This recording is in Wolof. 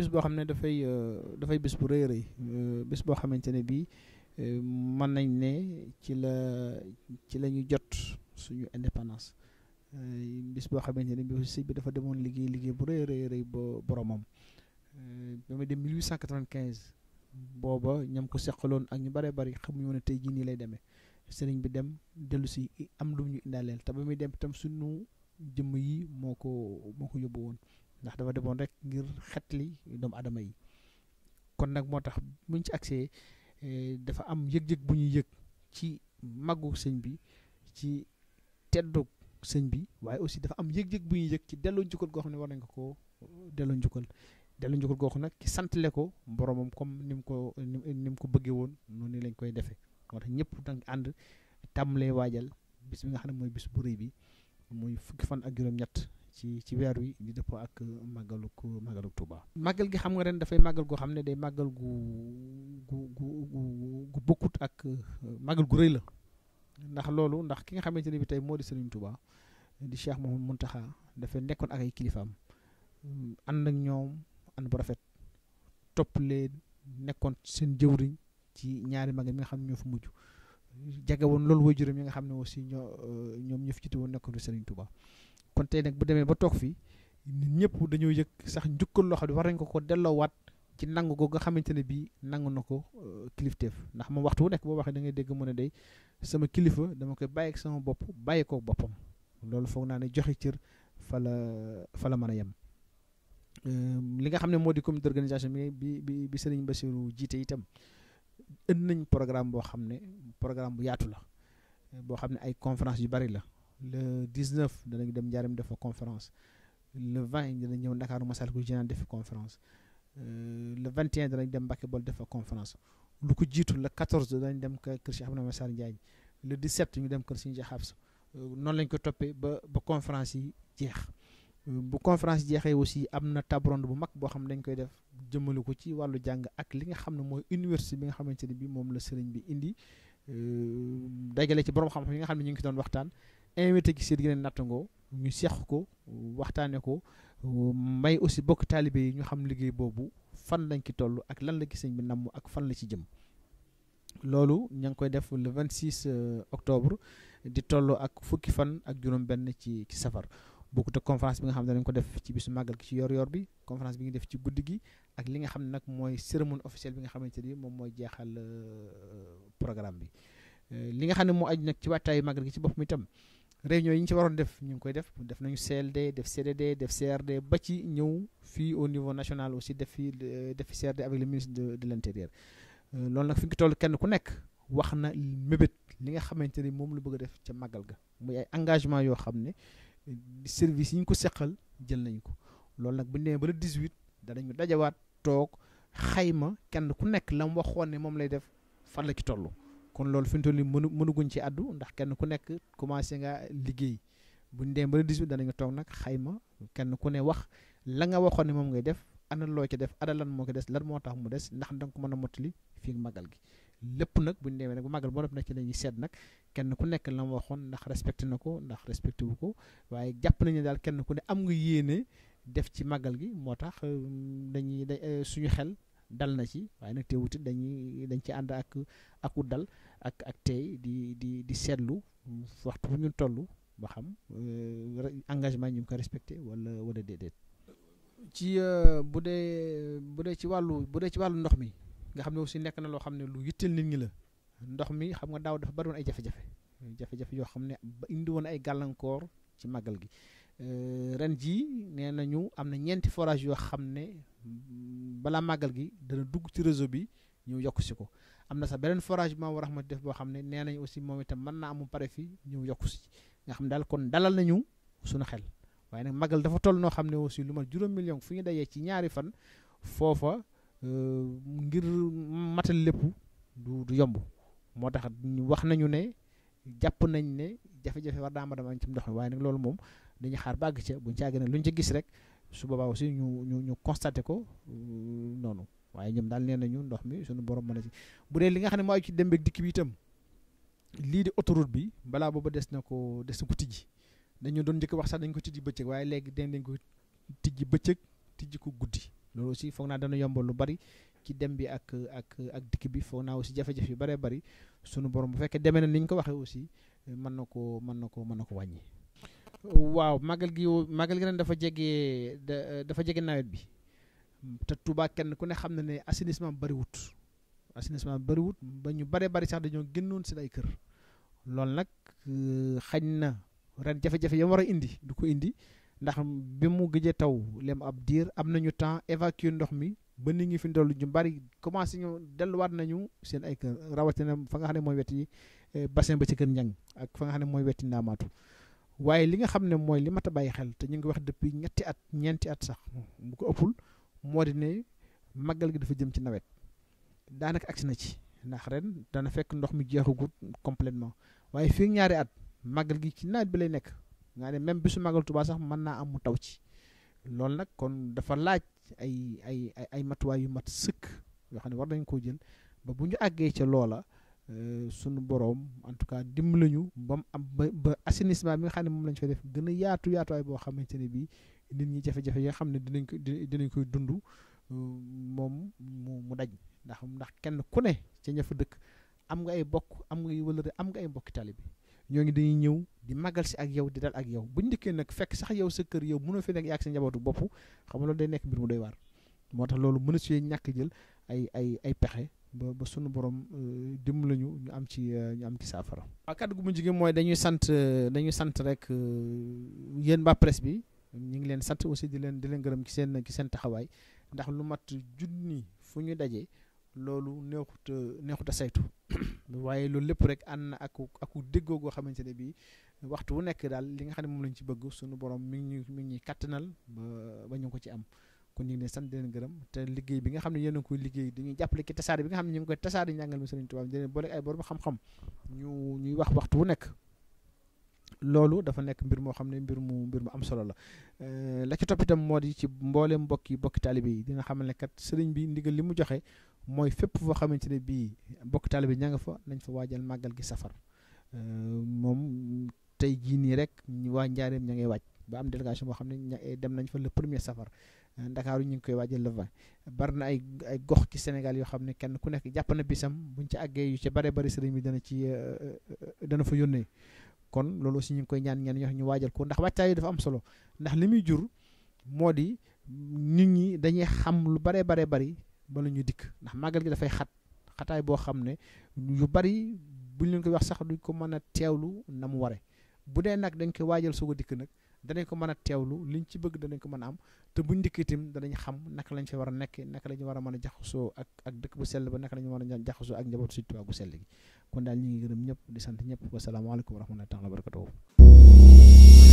bis boo xam ne dafay euh, dafay bis bu rëy rëy euh, bis boo xamante ne bii euh, mën nañ ne ci la ci la ñu jot suñu indépendance bis boo xamante ne bii sëñ bi dafa demoon liggéey liggéey bu rëy rëy rëy ba boromam ba muy dem 1895 booba ñam ko seqaloon ak ñu bëree bëri xamuñu woon ne tey jii nii lay demee seriñ bi dem dellu si am lu ñu indaaleel te ba muy dem itam suñu jëmm yi moo ko moo ko yóbbu woon ndax dafa demoon rek ngir xetli doomu adama yi kon nag moo tax buñ ci agsee eh, dafa am yëg-yëg bu ñuy yëg ci màggu sëñ bi ci teddu sëñ bi waaye aussi dafa am yëg-yëg bu ñuy yëg ci delloo njukkal goo ne war nañ ko koo delloo njukkal delloo njukkal goo xam nag ci santale ko boromam comme ni ko ni ko bëggee woon noonu lañ koy defee moo tax ñëpp danga ànd tàmmalee waajal bis bi nga xam ne mooy bis bu rëy bi muy fukki fan ak juróom-ñett ci ci weer wi di dëppoo ak euh, màggalug euh, màggalug tubaa màggal gi xam nga ren dafay màggal goo xam ne day màggal gu gu gu gu bokkut ak euh, màggal gu rëy la ndax loolu ndax ki nga xamante ne bi tey moo di Serigne Touba di Cheikh Mouhamadou Mountakha dafay nekkoon ak ay kilifaam hmm, ànd ak ñoom ànd bu rafet topp leen nekkoon seen jëwriñ ci ñaari màggal mi nga xam ne ñoo jage woon loolu waajuram yi nga xam ne aussi ñoo ñoom ñoo fi jiite woon nekkoon Serigne Touba. kon tey nag bu demee ba toog fi nit ñëpp dañoo yëg sax njukkal loo xam ne war nañ ko ko delloowaat ci nangu ko nga xamante ne bii nangu na ko euh, kilifteef ndax moom waxtu wu nekk boo da ngay dégg mu ne day sama kilifa dama koy bàyyi sama bopp bàyyi ko boppam loolu foog naa ne joxe cër fa la fa la mën a euh, li nga xam ne comité d'organisation bi bi bi Serigne Bassirou jiite itam ën nañ programme boo xam ne programme bu yaatu la boo xam ay conférence yu bari la. le 19 danañ dem Njaareem def fa conférence le 20 danañ ñëw Ndakaaru Massalikul Jinaan def conférence euh, le 21 danañ dem Mbacke Bol def fa conference lu ko jiitu le 14 danañ dem kër Cheikh Abdoulaye Massar Ndiagne le 17 ñu dem kër Serigne Cheikh Hafs euh, noonu lañ ko toppee ba ba conférence yi jeex euh, bu conférence jeexee aussi am na table bu mag boo xam ne dañ koy def jëmmale ko ci wàllu jàng ak li nga xam ne mooy université bi nga xamante ne bi moom la sëriñ bi indi dajale ci borom xam yi nga xam ne ñu ngi ko doon waxtaan invité ci seen nattangoo ñu seq ko waxtaanee ko may aussi bokk taalibe yi ñu xam liggéey boobu fan lañ ci toll ak lan la ci sëñ bi namm ak fan la ci jëm loolu ña ngi koy def le 26 euh, octobre di tolloo ak fukki fan ak juróom-benn ci ci safar bokkut ak conférence bi nga xam ne dañ ko def ci bisu màggal gi ci yor-yor bi conférence bi ngi def ci guddi gi ak nga xam ne nag mooy cérémonie officielle bi nga xamante ni moom mooy jeexal euh, programme bi euh, li nga xam ne moo aju nag ci waajtaayu màggal gi ci boppam itam. réunion yi ñu ci waroon def ñu ngi koy def def nañu CLD def CDD def CRD ba ci ñëw fii au niveau national aussi def fi euh, def fi CRD avec le ministre de de l' intérieur euh, nag fi ñu ko toll kenn ku nekk wax na mébét li nga xamante ni moom la bëgg a def ca màggal ga muy ay engagement yoo xam ne euh, service yi ñu ko seqal jël nañu ko loolu nag bu ñu demee ba le 18 danañu dajawaat toog xayma kenn ku nekk lan mu waxoon ne moom lay def fan la ci toll. kon loolu fi mu toll nii mënu mënuguñ ci addu ndax kenn ku nekk commencé nga liggéey buñ dem ba le dana danañu toog nag xayma kenn ku ne wax la nga waxoon ne moom ngay def ana loo ci def ana moo ko des lan moo tax mu des ndax danga mën a mottali fii màggal gi lépp nag buñ demee nag bu màggal boo def nag ci la seet nag kenn ku nekk la ma waxoon ndax respecté na ko ndax respecté wu ko waaye jàpp nañu daal kenn ku ne am nga yéene def ci màggal gi moo tax euh, dañuy euh, suñu xel dal na ci waaye nag teewuti dañuy dañ ci ànd ak aku dal ak ak tey di di di seetlu waxtu ñun ñu toll ba xam euh, engagement ñu ngi ko respecté wala wala déedéet. ci euh, bu dee bu dee ci wàllu bu dee ci wàllu ndox mi nga xam ne aussi nekk na loo xam ne lu yitteel nit ñi la ndox mi xam nga daaw dafa bari woon ay jafe-jafe jafe-jafe yoo xam ne ba indi woon ay gàllankoor ci màggal gi. Euh, ren jii nee nañu am na ñeenti forage yoo xam ne balaa màggal gi dana dugg ci réseau bi ñëw yokk si ko am na sa beneen forage bi ma war a def boo xam ne nee nañ aussi moom itam mën naa amu pare fi ñëw yokku si nga xam daal kon dalal nañu suñu xel waaye nag màggal dafa toll noo xam ne aussi lu ma juróom million fu ñu dajee ci ñaari fan foofa euh, ngir matal lépp du yomb moo tax wax nañu ne jàpp nañ ne jafe-jafe war daa ma dama am ci ndox mi waaye nag loolu moom dañuy xaar ba àgg ca buñ ci àgg nag luñ ca gis rek su boobaa aussi ñu ñu ñu ko euh, noonu waaye ñoom daal nee nañu ndox mi suñu borom mën na ci bu dee li nga xam ne moo ci dem ak dikk bi itam lii di autoroute bi balaa booba des na ko des na ko tijji doon njëkk wax sax dañ ko tijji bëccëg waaye léegi den dañ ko tijji bëccëg tijji ko guddi loolu foog naa dana yombal lu bari ci dem bi ak ak ak dikk bi foog naa aussi jafe-jafe yu baree bari sunu borom bu fekkee demee na ni ñu ko waxee aussi mën na koo mën na ko mën na ko wàññi waaw màggal gi màggal gi ren dafa jege dafa jege nawet bi te Touba kenn ku ne xam na ne assainissement bariwut assainissement bariwut ba ñu bare bari sax dañoo génnoon seen ay kër loolu nag euh, xañ na ren jafe-jafe yam war a indi du ko indi ndax bi mu gëjee taw lem ab diir am nañu temps évacuer ndox mi ba nit ñi fi ndollu ñu bari commencé ñu delluwaat nañu seen ay kër rawatina fa nga xam ne mooy weti euh, bassin ba ci kër njang ak fa nga xam ne mooy weti ndaamaatu waaye li nga xam ne mooy li mat a bàyyi xel te ñu ngi wax depuis ñetti at ñeenti at sax bu ko ëppul moo di ne màggal gi dafa jëm ci nawet daanaka agsi na ci ndax ren dana fekk ndox mi jeexagut completement waaye fii ñaari at màggal gi ci nawet bi lay nekk nga ne même bisu màggal Tuubaa sax mën naa am mu taw ci loolu nag kon dafa laaj ay ay ay matuwaay yu mat sëkk yoo xam ne war nañ koo jën ba bu ñu àggee ca loola Euh, sunu boroom en tout cas dimbali ñu ba mu am ba ba assainissement bi nga xam ne moom lañ fay def gën a yaatu yaatuwaay boo xamante ne bii nit ñi jafe-jafe yi nga xam ne dinañ ko dinañ koy dund euh, moom mu mu daj ndax ndax kenn ku ne ca ña fa dëkk am nga ay bokk am nga ay wëlëre am nga ay mbokki tali bi ñoo ngi dañuy ñëw di màggal si ak yow di dal ak yow bu ñu dikkee nag fekk sax yow sa kër yow mënoo fi nekk yaa ak sa bopp xam nga loolu day nekk mbir mu doy waar moo tax loolu mën a suyee ñàkk jël ay ay ay pexe ba ba sunu borom euh, dimbali lañu ñu am ci euh, ñu am ci saafara. waaw kàddu gu mujj gi mooy dañuy sant euh, dañuy sant rek yéen ba presse bi ñu ngi leen sant aussi di leen di leen gërëm ci seen ci seen taxawaay ndax lu mat junni fu ñu dajee loolu neexut neexut a waaye loolu lépp rek ànd na ak aku déggoo goo xamante ne bii waxtu wu nekk daal li nga xam ne moom lañ ci bëgg sunu borom mi ñu ñuy mi ngi ñuy kattanal ba ba ñu ko ci am. kon ñu ngi san sant gërëm te liggéey bi nga xam ne yéen ngi koy liggéey dañuy jàppale ci tasaare bi nga xam ne ñu ngi koy tasaare njàngal mi Sëriñ ñu ñuy wax waxtu wu nekk loolu dafa nekk mbir moo xam ne mbir mu mbir mu am solo la euh, la ci topp moo di ci mbooleem mbokk yi bokki taalibe yi dina xamal ne sëriñ bi ndigal li mu joxe mooy fépp foo xamante ne bii bokki taalibe ña nga fa nañ fa waajal màggal gi safar euh, moom tey jii nii rek waa njaareem ña ngay waaj ba am délégation boo xam ne dem nañ fa le premier safar ndakaaru ñu ngi koy waajal le vingt bari na ay ay gox ci Sénégal yoo xam ne kenn ku nekk jàpp na bisam buñ ci àggee yu ci bare bari sëriñ bi dana ci euh, euh, dana fa yónnee kon loolu aussi ñu ngi koy ñaan ñaan ñoo ñu waajal ko ndax wàccaay yi dafa solo ndax li muy jur moo di nit ñi dañuy xam lu bare bare bari bala ñu dikk ndax màggal gi dafay xat xataay boo xam ne yu bari buñ leen koy wax sax duñ ko mën a teewlu na mu ware bu dee nag dañ koy waajal soog a dikk nag danañ ko mën a teewlu liñ ci bëgg danañ ko mën a am te buñ dikk itam danañ xam naka lañ fi war a nekk naka la ñu war a mën a jaxasoo ak ak dëkk bu sell ba naka la war a jaxasoo ak njabootu Sëñ Tuubaa bu sell gi kon daal ñu ngi gërëm ñëpp di sant ñëpp wasalaamaaleykum wa rahmatullaahi taala wa barakatuh